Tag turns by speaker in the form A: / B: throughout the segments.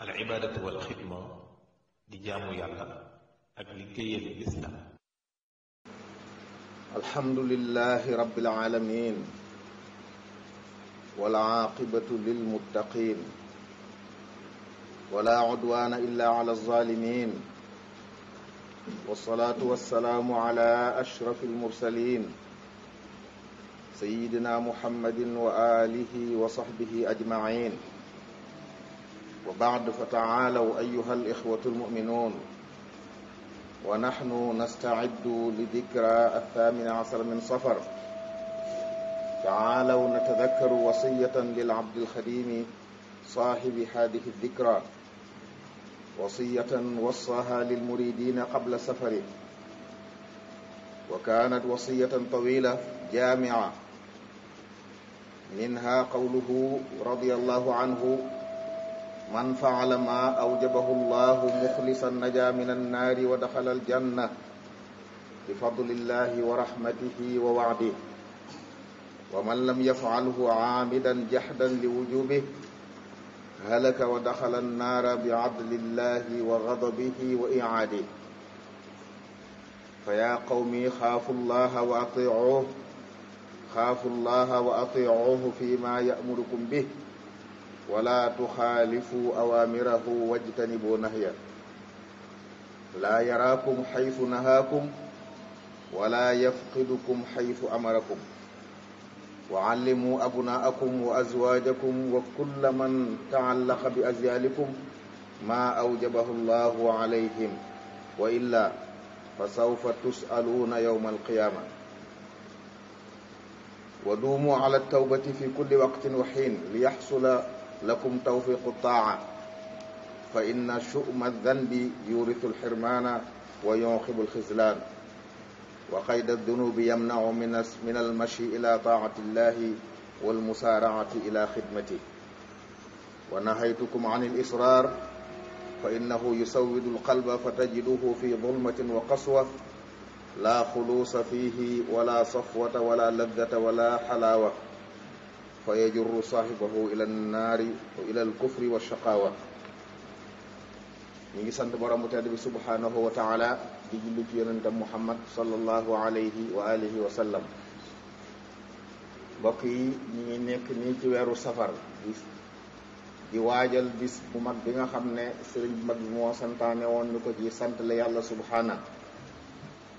A: al ibaadatu wal xidma di jaamu yàlla ak liggéeyal lislam alhamdulillahi rabbil alamin wal aaqibatu lil muttaqin wala udwaana illa ala zalimin wasalaatu wasalaamu ala ashrafi almursalin sayidina muhammadin wa alihi wa sahbihi ajmain وبعد فتعالوا أيها الإخوة المؤمنون ونحن نستعد لذكرى الثامن عشر من صفر تعالوا نتذكر وصية للعبد الخديم صاحب هذه الذكرى وصية وصاها للمريدين قبل سفره وكانت وصية طويلة جامعة منها قوله رضي الله عنه man faala ma awjabahu llahu muxlisan naja min annaari wa daxala aljanna bi fadlillahi wa rahmatihi wa waadih wa man lam yafaalhu aamidan jahdan li wujubih halaka wa daxala annaara bi adlillahi wa gadabihi wa icaadih fa yaa qawmi xaafu llaha wa atiicuuh xaafu llaha wa atiicuuhu fi ma yamurukum bih ولا تخالفوا أوامره واجتنبوا نهيه لا يراكم حيث نهاكم ولا يفقدكم حيث أمركم وعلموا أبناءكم وأزواجكم وكل من تعلق بأزيالكم ما أوجبه الله عليهم وإلا فسوف تسألون يوم القيامة ودوموا على التوبة في كل وقت وحين ليحصل lakum tawfiqu taa fa inna chuma danbi yuritu lxirmaana wa yunqibu lxislaan wa qayda dunubi yamnau min min almashi ila taati illahi walmusaaraati ila xidmati wa nahaytukum an alisrar fa innahu yusawidu alqalba fa tajiduhu fi dulmatin wa qaswa la xuluusa fihi wala safwata wala laddata wala xalaawa fa jur saahibahu ila nnaari wa ila alkufri wa shaqaawa ñu ngi sant borom bu tedd bi subhanahu wa taala di julli ci yonentam muhammad sallallahu alayhi wa alihi wa sallam mbokk yi ñu ngi nekk nii ci weeru safar di di waajal bis mu mag bi nga xam ne sëriñ bu mag bi moo santaane woon ñu ko ci sant la yàlla subhaana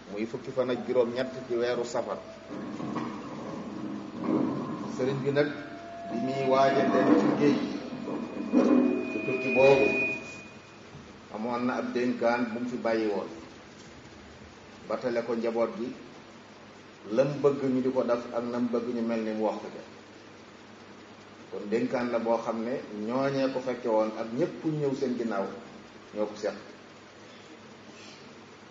A: muy fukki fan ak juróom ci weeru safar sëriñ bi nag bi muy waaja dem ci géej ci tukki boobu amoon na ab dénkaan bu mu fi bàyyi woon batale ko njaboot gi lam bëgg ñu di ko def ak nam bëgg ñu mel ni mu wax dénkaan la boo xam ne ñooñee ko fekke woon ak ñépp ñëw seen ginnaaw ñoo ko seq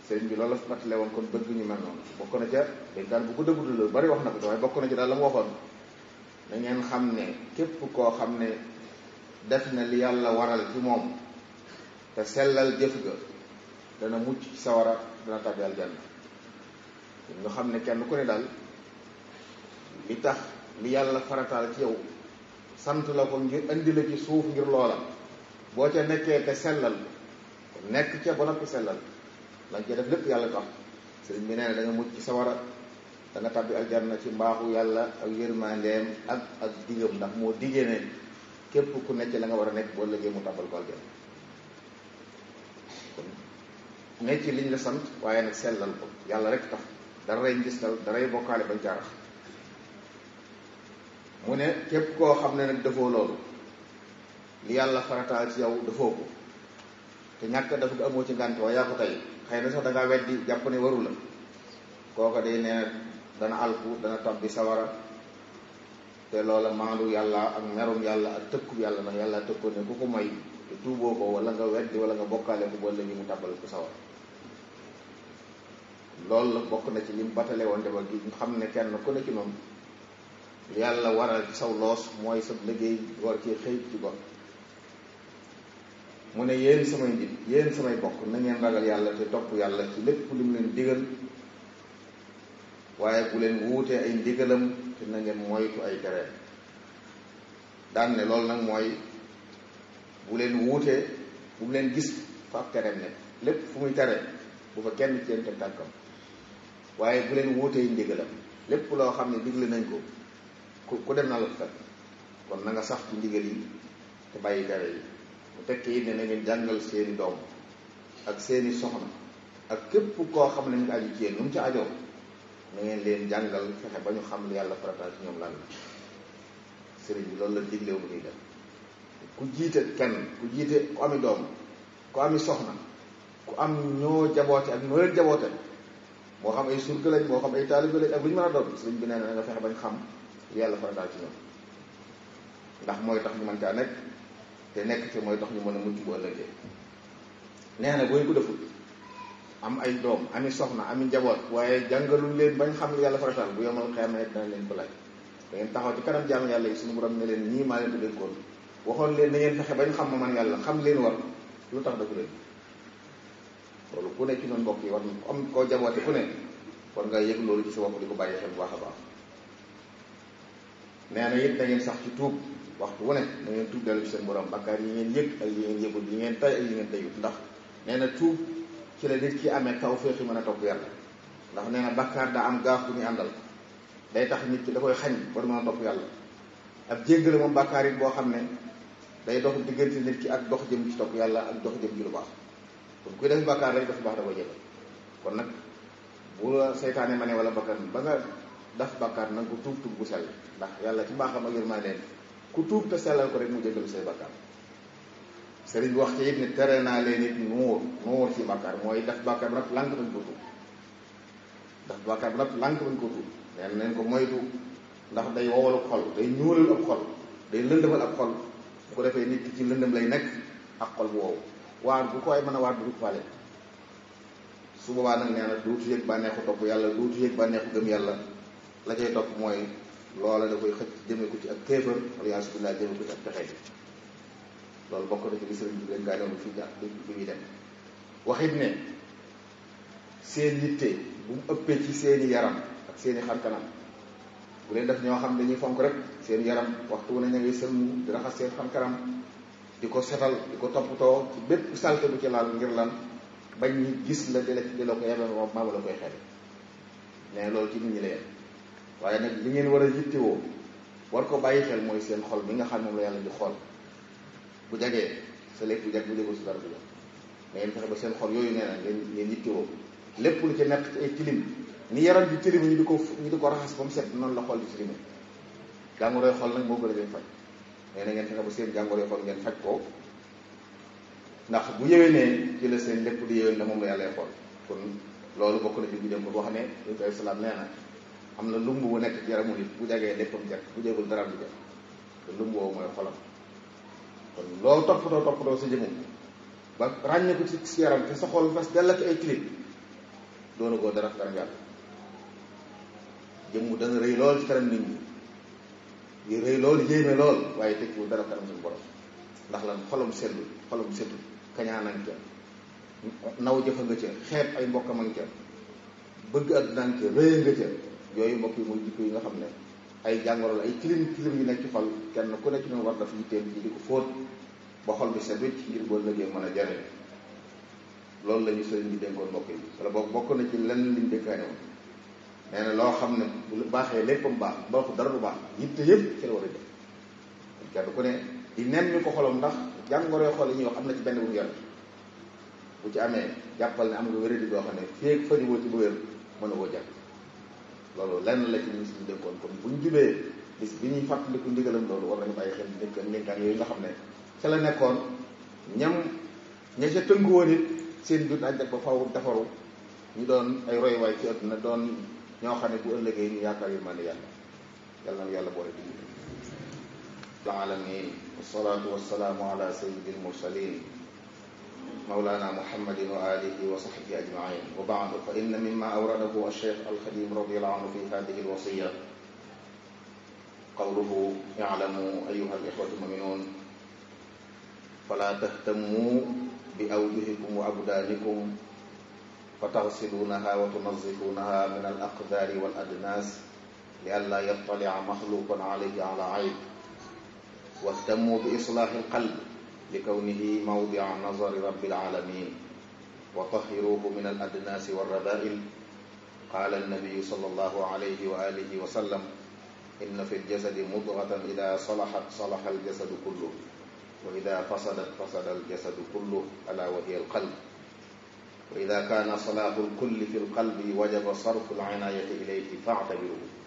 A: sëriñ bi loolu la fi batale woon kon bëgg ñu mel noonu bokk na ca dénkaan bu ko dëggudu la bari wax na ko waaye bokk na ci daal la mu waxoon dangeen xam ne képp koo xam ne def na li yàlla waral ci moom te sellal jëf ga dana mucc ci sawara dana tàbbi aljanna nga xam ne kenn ku ne daal li tax li yàlla farataal ci yow sant la ko ngir indi la ci suuf ngir loola boo ca nekkee te sellal nekk ca ba noppi sellal lañ ca def lépp yàlla tax sëriñ bi nee na da mucc ci sawara da nga tàbbi na ci mbaaxu yàlla ak yërmandeem ak ak digam ndax moo diggee ne képp ku nekk la nga war a nekk boo lëggee mu tàbbal ko aljanna kon nekk ci liñ la sant waaye nag sellal ko yàlla rek tax dara ray ngistal dara bokkaale bañ caarax mu ne képp koo xam ne nag defoo loolu li yàlla farataal ci yow defoo ko te ñàkk dafa bi amoo ci ngànt waaye yaa ko tey xëy na sax da ngaa weddi jàpp ne waru la kooka day nee dana alku dana tabbi sawara te loola maandu yàlla ak merum yàlla ak tëkku yàlla ndax yàlla tëkkoon ne ku ko moy te tuuboo ko wala nga weddi wala nga bokkaale ko wala ñu mu tàbbal ko sawara loolu la bokk na ci lim batale woon de ba gi ñu xam ne kenn ku ne ci noonu yàlla waral ci saw loos mooy sa liggéey war ci xëy ci gon mu ne yéen samay nit yéen samay bokk na ngeen ragal yàlla te topp yàlla ci lépp lu leen digal waaye bu leen wuutee ay ndigalam te na ngeen moytu ay tereem daan ne loolu nag mooy bu leen wuutee bu mu leen gis fa ab tereem nekk lépp fu muy tere bu fa kenn ci yéen teg tànkam waaye bu leen wuutee ndigalam lépp loo xam ne digle nañ ko ku ku dem na la fekk kon na nga sax ci ndigal yi te bàyyi tere yi mu tekki it ne na ngeen jàngal seeni doom ak seeni soxna ak képp koo xam ne mu aju ci yéen lu mu ci ajoom na ngeen leen jàngal fexe ba ñu xam yàlla farataal ci ñoom lan bi loolu la diglewu mu ñuy ku jiite kenn ku jiite ku ami doom soxna ku am ñoo jaboote ak ñoo leen jaboote moo xam ay surga lañ moo xam ay taalibe lañ ak ñu mën a doon sëriñ fexe bañ xam yàlla farataal ci ñoom ndax mooy tax ñu mën caa nekk te nekk ci mooy tax ñu mën a mucc bu ëllëgee nee na boo ñu am ay doom ami soxna ami njaboot waaye jàngalul leen bañ xam li yàlla faratal bu ma xeemee dana leen ko laaj da ngeen taxaw ci kanam jaam yàlla yi suñu borom ne leen ñii maa leen di dénkoon waxoon leen na ngeen fexe ma man yàlla xam leen war lu tax daku leen loolu ku ne ci noonu mbokk yi war am koo jaboote ku ne war nga yëg loolu ci sa bopp di ko bàyyi xel bu baax a baax nee na it na sax ci tuub waxtu wu ne na ngeen tuub dellu ci seen borom bakkaar yi ngeen yëg ak yi ngeen yëgul yi ngeen tay ak yi ngeen tayut ndax nee tuub ci la nit ki ame taw féexi mën a topp yàlla ndax nee na bakkaar daa am gaaf bu ñu àndal day tax nit ki da koy xañ ba du mën a topp yàlla ab jéggale moom bakkaar it boo xam ne day dox diggante nit ki ak dox jëm ci topp yàlla ak dox jëm ci lu baax kon kuy def bakkaar rek def baax kon nag bu la seytaane ma ne wala bakkan ba nga daf bakkaar nanga ko tuub tuub bu sell ndax yàlla ci mbaaxam ak yërmande leen ku tuub te sellal ko rek mu jéggal say bakkaar sëriñ bi wax ci it ne tere naa leen nit nuur nuur ci bàkkaar mooy def bàkkaar ba nag lànk bañ ko tuub def bàkkaar ba nag lànk bañ ko tuub leen nañ ko moytu ndax day wowal xol day ñuulal ab xol day lëndëmal ab xol bu ko defee nit ci lëndëm lay nekk ak xol bu wow waar bu ko ay mën a waar du faale su boobaa nag nee na duutu yëg bànneexu topp yàlla duutu yëg bànneexu gëm yàlla la cay topp mooy loola da koy xëcc jëme ko ci ak kéefër wala yaa subilaa jëme ko ci loolu bokk de ci li sëriñ bi dénkaane woon fi ñax bi fi ñuy dem waxit ne seen yitte bu mu ëppee ci seeni yaram ak seeni xar kanam bu leen def ñoo xam dañuy fonk rek seen yaram waxtu wu ne ña ngay sëlmu di raxas seen xar kanam di ko setal di ko toppatoo ci bépp salte bu ci laal ngir lan bañ ñu gis la di la di la ko yemee moom la koy xel mais loolu ci nit ñi la yem waaye nag li ngeen war a yittewoo war ko bàyyi xel mooy seen xol bi nga xam moom la yàlla di xool bu jagee sa lépp bu jag bu jagul sa dara bu jag na ngeen fexe ba seen xol yooyu nee na ngeen ngeen yittewoo lépp lu ci nekk ci ay tilim ni yaram bi tilim ñu di ko ñu di ko raxas ba mu set noonu la xol di tilim jàngoroy xol nag moo gën a leen faj na ngeen fexe ba seen jàngoroy xol ngeen faj ko ndax bu yéwénee ci la seen lépp di yéwén la moom la yàlla xool kon loolu bokk na ci bi dem ba boo xam ne yonent bi salaam am na lumb bu nekk ci yaramu nit bu jagee léppam jag bu jagul dara du jag te lumb woowu mooy xolam kon loolu toppatoo toppatoo sa jëmm ba ràññee ko ci yaram te sa xol fas dell ak ay tilim doona koo dara kanam yàlla jëmm dana rëy lool ci kanam nit ñi yu rëy lool yéeme lool waaye tekkiwul dara kanam suñu borom ndax lan xolam seetlu xolam seetlu kañaan ak ca naw jëfa nga ca xeeb ay mbokkam ak ca bëgg ak naan ca rëy nga ca yooyu mbokk yi mooy yi nga xam ne ay jàngoro la ay tilim tilim yi nekk ci xol kenn ku nekk ñoom war daf yitteem ji di ko fóot ba xol bi set wicc ngir boo lëggee mën a jariñ loolu la ñu sëriñ bi dénkoon mbokk yi wala boo bokk na ci lenn liñ dénkaane woon nee na loo xam ne bu baaxee léppam baax baaxu dara du baax yitte yëpp ci la war a jëf kenn ku ne di nen ñu ko xolam ndax jàngoree xol yi ñoo xam am na ci benn bu ngeen bu ci amee jàppal ne am nga wéradi boo xam ne féeg fajuwoo ci bu wér mën a woo jàpp loolu lenn la ci liñ suñu dénkoon kon bu ñu jubee bis bi ñuy fàttaliku ndigalam loolu war nañu bàyyi xel ndénkaan ndénkaan yooyu nga xam ne ca la nekkoon ñam ña ca tëngu woon it seen dund ak ba faw defaru ñu doon ay royuwaay ci àdduna doon ñoo xam ne bu ëllëgee ñu yaakaar yu man yàlla yàlla na yàlla boole dugg alamin wasalaatu wasalaamu ala sayyidil mursalin مولانا محمد وآله وصحبه أجمعين وبعد فإن مما أورده الشيخ الخديم رضي الله عنه في هذه الوصية قوله اعلموا أيها الإخوة المؤمنون فلا تهتموا بأوجهكم وأبدانكم فتغسلونها وتنظفونها من الأقذار والأدناس لئلا يطلع مخلوق عليه على عيب واهتموا بإصلاح القلب likawnihi mawdia nazari rabbil alamin wa tahiruhu min al adnaasi warrabail qaala annabiyu sal allahu alayhi wa alihi wa sallam inna fi ljasadi mudgatan ida salahat salaha aljasadu kulluh wa ida fasadat fasada aljasadu kulluh ala wa hiya alqalb wa ida kaana salaahu alkulli fi alqalbi wajaba sarfu alinayati ilayhi faatabiruhu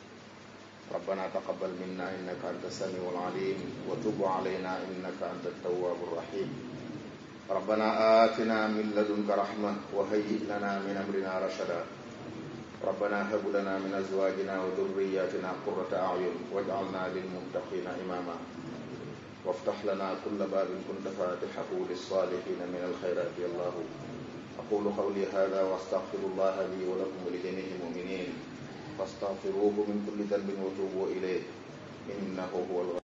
A: ربنا تقبل منا إنك أنت السميع العليم وتب علينا إنك أنت التواب الرحيم ربنا آتنا من لدنك رحمة وهيئ لنا من أمرنا رشدا ربنا هب لنا من أزواجنا وذرياتنا قرة أعين واجعلنا للمتقين إماما وافتح لنا كل باب كنت فاتحه للصالحين من الخيرات يا الله أقول قولي هذا وأستغفر الله لي ولكم ولجميع المؤمنين فاستغفروه من كل ذنب وتوبوا إليه إنه هو الغفور